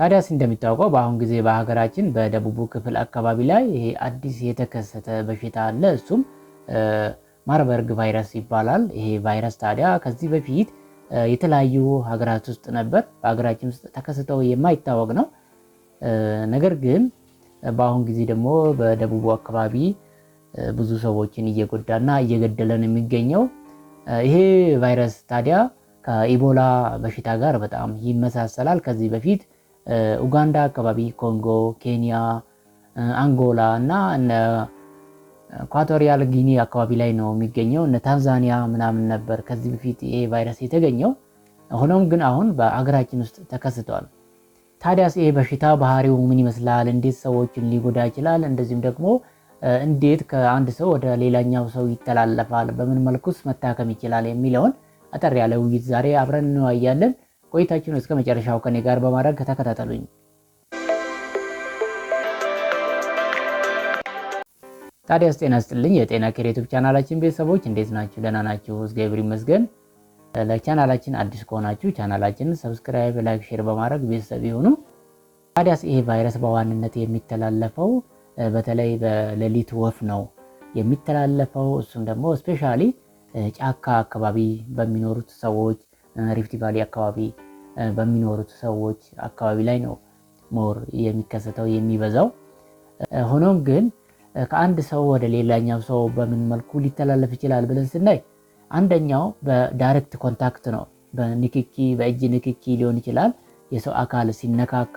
ታዲያስ እንደሚታወቀው በአሁን ጊዜ በሀገራችን በደቡቡ ክፍል አካባቢ ላይ ይሄ አዲስ የተከሰተ በሽታ አለ። እሱም ማርበርግ ቫይረስ ይባላል። ይሄ ቫይረስ ታዲያ ከዚህ በፊት የተለያዩ ሀገራት ውስጥ ነበር፣ በሀገራችን ውስጥ ተከስተው የማይታወቅ ነው። ነገር ግን በአሁን ጊዜ ደግሞ በደቡቡ አካባቢ ብዙ ሰዎችን እየጎዳና እየገደለን የሚገኘው ይሄ ቫይረስ ታዲያ ከኢቦላ በሽታ ጋር በጣም ይመሳሰላል። ከዚህ በፊት ኡጋንዳ አካባቢ፣ ኮንጎ፣ ኬንያ፣ አንጎላ እና እነ ኢኳቶሪያል ጊኒ አካባቢ ላይ ነው የሚገኘው። እነ ታንዛኒያ ምናምን ነበር ከዚህ በፊት ይሄ ቫይረስ የተገኘው። ሆኖም ግን አሁን በአገራችን ውስጥ ተከስቷል። ታዲያስ ይሄ በሽታ ባህሪው ምን ይመስላል? እንዴት ሰዎችን ሊጎዳ ይችላል? እንደዚሁም ደግሞ እንዴት ከአንድ ሰው ወደ ሌላኛው ሰው ይተላለፋል? በምን መልኩስ መታከም ይችላል? የሚለውን አጠር ያለ ውይይት ዛሬ አብረን እንወያያለን። ቆይታችሁን እስከ መጨረሻው ከኔ ጋር በማድረግ ከተከታተሉኝ ታዲያስ ጤና ስጥልኝ። የጤና ኬር ዩቱብ ቻናላችን ቤተሰቦች እንዴት ናችሁ? ደህና ናችሁ? እግዚአብሔር ይመስገን። ለቻናላችን አዲስ ከሆናችሁ ቻናላችን ሰብስክራይብ፣ ላይክ፣ ሼር በማድረግ ቤተሰብ ይሁኑ። ታዲያስ ይሄ ቫይረስ በዋንነት የሚተላለፈው በተለይ በሌሊት ወፍ ነው የሚተላለፈው። እሱም ደግሞ ስፔሻሊ ጫካ አካባቢ በሚኖሩት ሰዎች ሪፍት ቫሊ አካባቢ በሚኖሩት ሰዎች አካባቢ ላይ ነው ሞር የሚከሰተው የሚበዛው። ሆኖም ግን ከአንድ ሰው ወደ ሌላኛው ሰው በምን መልኩ ሊተላለፍ ይችላል ብለን ስናይ አንደኛው በዳይሬክት ኮንታክት ነው። በንክኪ በእጅ ንክኪ ሊሆን ይችላል። የሰው አካል ሲነካካ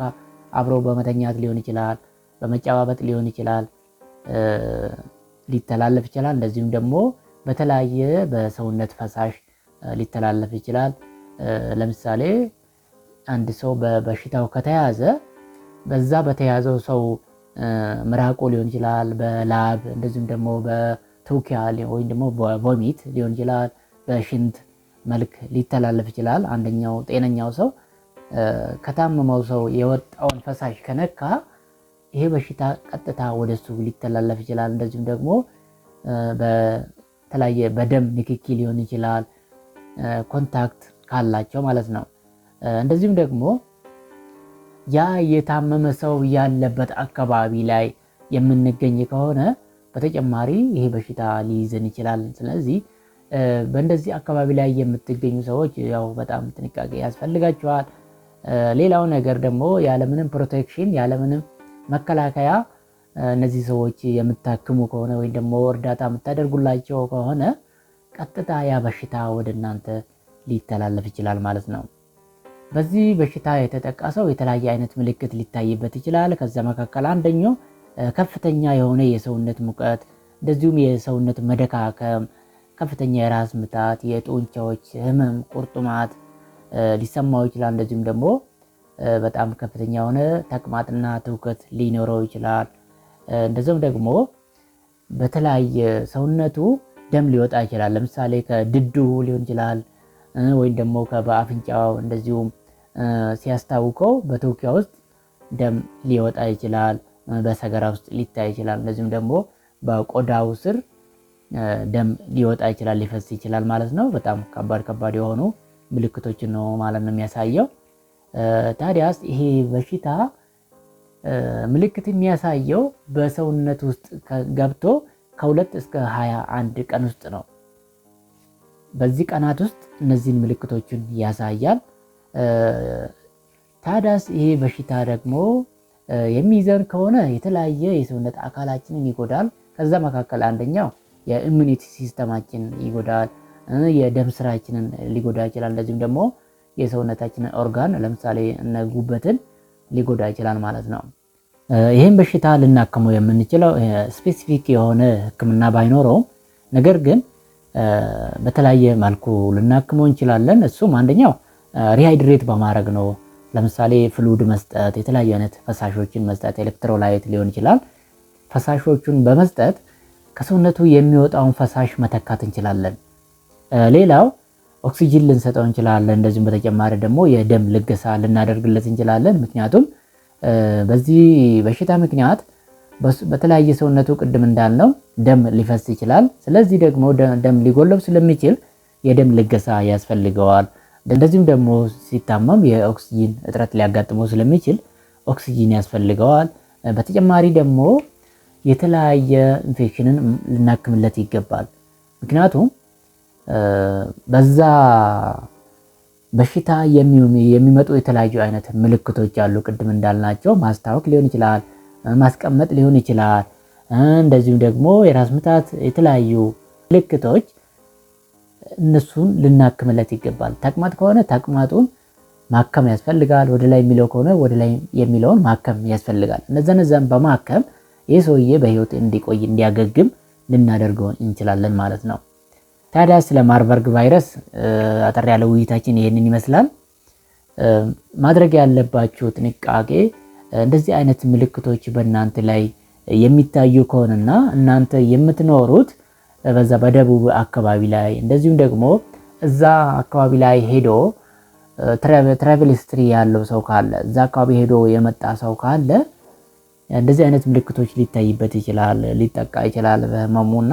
አብሮ በመተኛት ሊሆን ይችላል፣ በመጨባበጥ ሊሆን ይችላል፣ ሊተላለፍ ይችላል። እንደዚሁም ደግሞ በተለያየ በሰውነት ፈሳሽ ሊተላለፍ ይችላል። ለምሳሌ አንድ ሰው በበሽታው ከተያዘ በዛ በተያዘው ሰው ምራቆ ሊሆን ይችላል፣ በላብ እንደዚሁም ደግሞ በትውኪያ ወይም ደግሞ ቮሚት ሊሆን ይችላል፣ በሽንት መልክ ሊተላለፍ ይችላል። አንደኛው ጤነኛው ሰው ከታመመው ሰው የወጣውን ፈሳሽ ከነካ ይሄ በሽታ ቀጥታ ወደሱ ሊተላለፍ ይችላል። እንደዚሁም ደግሞ በተለያየ በደም ንክኪ ሊሆን ይችላል፣ ኮንታክት ካላቸው ማለት ነው። እንደዚሁም ደግሞ ያ የታመመ ሰው ያለበት አካባቢ ላይ የምንገኝ ከሆነ በተጨማሪ ይሄ በሽታ ሊይዝን ይችላል። ስለዚህ በእንደዚህ አካባቢ ላይ የምትገኙ ሰዎች ያው በጣም ጥንቃቄ ያስፈልጋቸዋል። ሌላው ነገር ደግሞ ያለምንም ፕሮቴክሽን ያለምንም መከላከያ እነዚህ ሰዎች የምታክሙ ከሆነ ወይም ደግሞ እርዳታ የምታደርጉላቸው ከሆነ ቀጥታ ያ በሽታ ወደ እናንተ ሊተላለፍ ይችላል ማለት ነው። በዚህ በሽታ የተጠቃ ሰው የተለያየ አይነት ምልክት ሊታይበት ይችላል። ከዛ መካከል አንደኛው ከፍተኛ የሆነ የሰውነት ሙቀት፣ እንደዚሁም የሰውነት መደካከም፣ ከፍተኛ የራስ ምታት፣ የጡንቻዎች ህመም፣ ቁርጥማት ሊሰማው ይችላል። እንደዚሁም ደግሞ በጣም ከፍተኛ የሆነ ተቅማጥና ትውከት ሊኖረው ይችላል። እንደዚሁም ደግሞ በተለያየ ሰውነቱ ደም ሊወጣ ይችላል። ለምሳሌ ከድዱ ሊሆን ይችላል ወይም ደግሞ በአፍንጫው እንደዚሁም ሲያስታውቀው በትውኪያ ውስጥ ደም ሊወጣ ይችላል፣ በሰገራ ውስጥ ሊታይ ይችላል። እንደዚሁም ደግሞ በቆዳው ስር ደም ሊወጣ ይችላል፣ ሊፈስ ይችላል ማለት ነው። በጣም ከባድ ከባድ የሆኑ ምልክቶችን ነው ማለት ነው የሚያሳየው። ታዲያስ ይሄ በሽታ ምልክት የሚያሳየው በሰውነት ውስጥ ገብቶ ከሁለት እስከ ሀያ አንድ ቀን ውስጥ ነው። በዚህ ቀናት ውስጥ እነዚህን ምልክቶችን ያሳያል። ታዳስ ይሄ በሽታ ደግሞ የሚይዘን ከሆነ የተለያየ የሰውነት አካላችንን ይጎዳል። ከዛ መካከል አንደኛው የኢሚኒቲ ሲስተማችን ይጎዳል። የደም ስራችንን ሊጎዳ ይችላል። እንደዚሁም ደግሞ የሰውነታችንን ኦርጋን ለምሳሌ እነ ጉበትን ሊጎዳ ይችላል ማለት ነው። ይህም በሽታ ልናክመው የምንችለው ስፔሲፊክ የሆነ ሕክምና ባይኖረውም ነገር ግን በተለያየ መልኩ ልናክመው እንችላለን። እሱም አንደኛው ሪሃይድሬት በማድረግ ነው። ለምሳሌ ፍሉድ መስጠት፣ የተለያዩ አይነት ፈሳሾችን መስጠት፣ ኤሌክትሮላይት ሊሆን ይችላል። ፈሳሾቹን በመስጠት ከሰውነቱ የሚወጣውን ፈሳሽ መተካት እንችላለን። ሌላው ኦክሲጅን ልንሰጠው እንችላለን። እንደዚሁም በተጨማሪ ደግሞ የደም ልገሳ ልናደርግለት እንችላለን። ምክንያቱም በዚህ በሽታ ምክንያት በተለያየ ሰውነቱ ቅድም እንዳልነው ደም ሊፈስ ይችላል። ስለዚህ ደግሞ ደም ሊጎለብ ስለሚችል የደም ልገሳ ያስፈልገዋል። እንደዚሁም ደግሞ ሲታመም የኦክሲጂን እጥረት ሊያጋጥመው ስለሚችል ኦክሲጂን ያስፈልገዋል። በተጨማሪ ደግሞ የተለያየ ኢንፌክሽንን ልናክምለት ይገባል። ምክንያቱም በዛ በሽታ የሚመጡ የተለያዩ አይነት ምልክቶች አሉ። ቅድም እንዳልናቸው ማስታወክ ሊሆን ይችላል፣ ማስቀመጥ ሊሆን ይችላል። እንደዚሁም ደግሞ የራስ ምታት የተለያዩ ምልክቶች እነሱን ልናክምለት ይገባል። ተቅማጥ ከሆነ ተቅማጡን ማከም ያስፈልጋል። ወደ ላይ የሚለው ከሆነ ወደ ላይ የሚለውን ማከም ያስፈልጋል። እነዛ ነዛን በማከም ይህ ሰውዬ በህይወት እንዲቆይ እንዲያገግም ልናደርገው እንችላለን ማለት ነው። ታዲያ ስለ ማርበርግ ቫይረስ አጠር ያለ ውይይታችን ይህንን ይመስላል። ማድረግ ያለባችሁ ጥንቃቄ እንደዚህ አይነት ምልክቶች በእናንተ ላይ የሚታዩ ከሆነና እናንተ የምትኖሩት በዛ በደቡብ አካባቢ ላይ እንደዚሁም ደግሞ እዛ አካባቢ ላይ ሄዶ ትራቨል ስትሪ ያለው ሰው ካለ እዛ አካባቢ ሄዶ የመጣ ሰው ካለ እንደዚህ አይነት ምልክቶች ሊታይበት ይችላል፣ ሊጠቃ ይችላል በህመሙና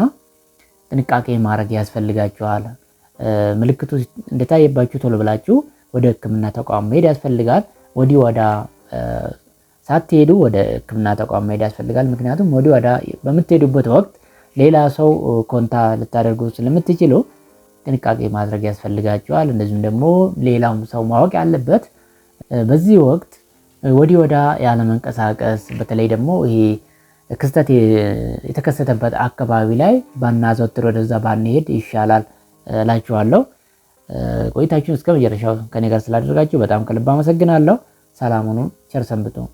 ጥንቃቄ ማድረግ ያስፈልጋችኋል። ምልክቱ እንደታየባችሁ ቶሎ ብላችሁ ወደ ህክምና ተቋም መሄድ ያስፈልጋል። ወዲህ ወዳ ሳትሄዱ ወደ ህክምና ተቋም መሄድ ያስፈልጋል። ምክንያቱም ወዲህ ወዳ በምትሄዱበት ወቅት ሌላ ሰው ኮንታ ልታደርጉ ስለምትችሉ ጥንቃቄ ማድረግ ያስፈልጋቸዋል። እንደዚሁም ደግሞ ሌላውም ሰው ማወቅ ያለበት በዚህ ወቅት ወዲህ ወዳ ያለመንቀሳቀስ፣ በተለይ ደግሞ ይሄ ክስተት የተከሰተበት አካባቢ ላይ ባናዘወትር ወደዛ ባንሄድ ይሻላል እላችኋለሁ። ቆይታችሁን እስከ መጨረሻው ከኔ ጋር ስላደረጋችሁ በጣም ከልብ አመሰግናለሁ። ሰላሙኑ ቸር ሰንብቱ።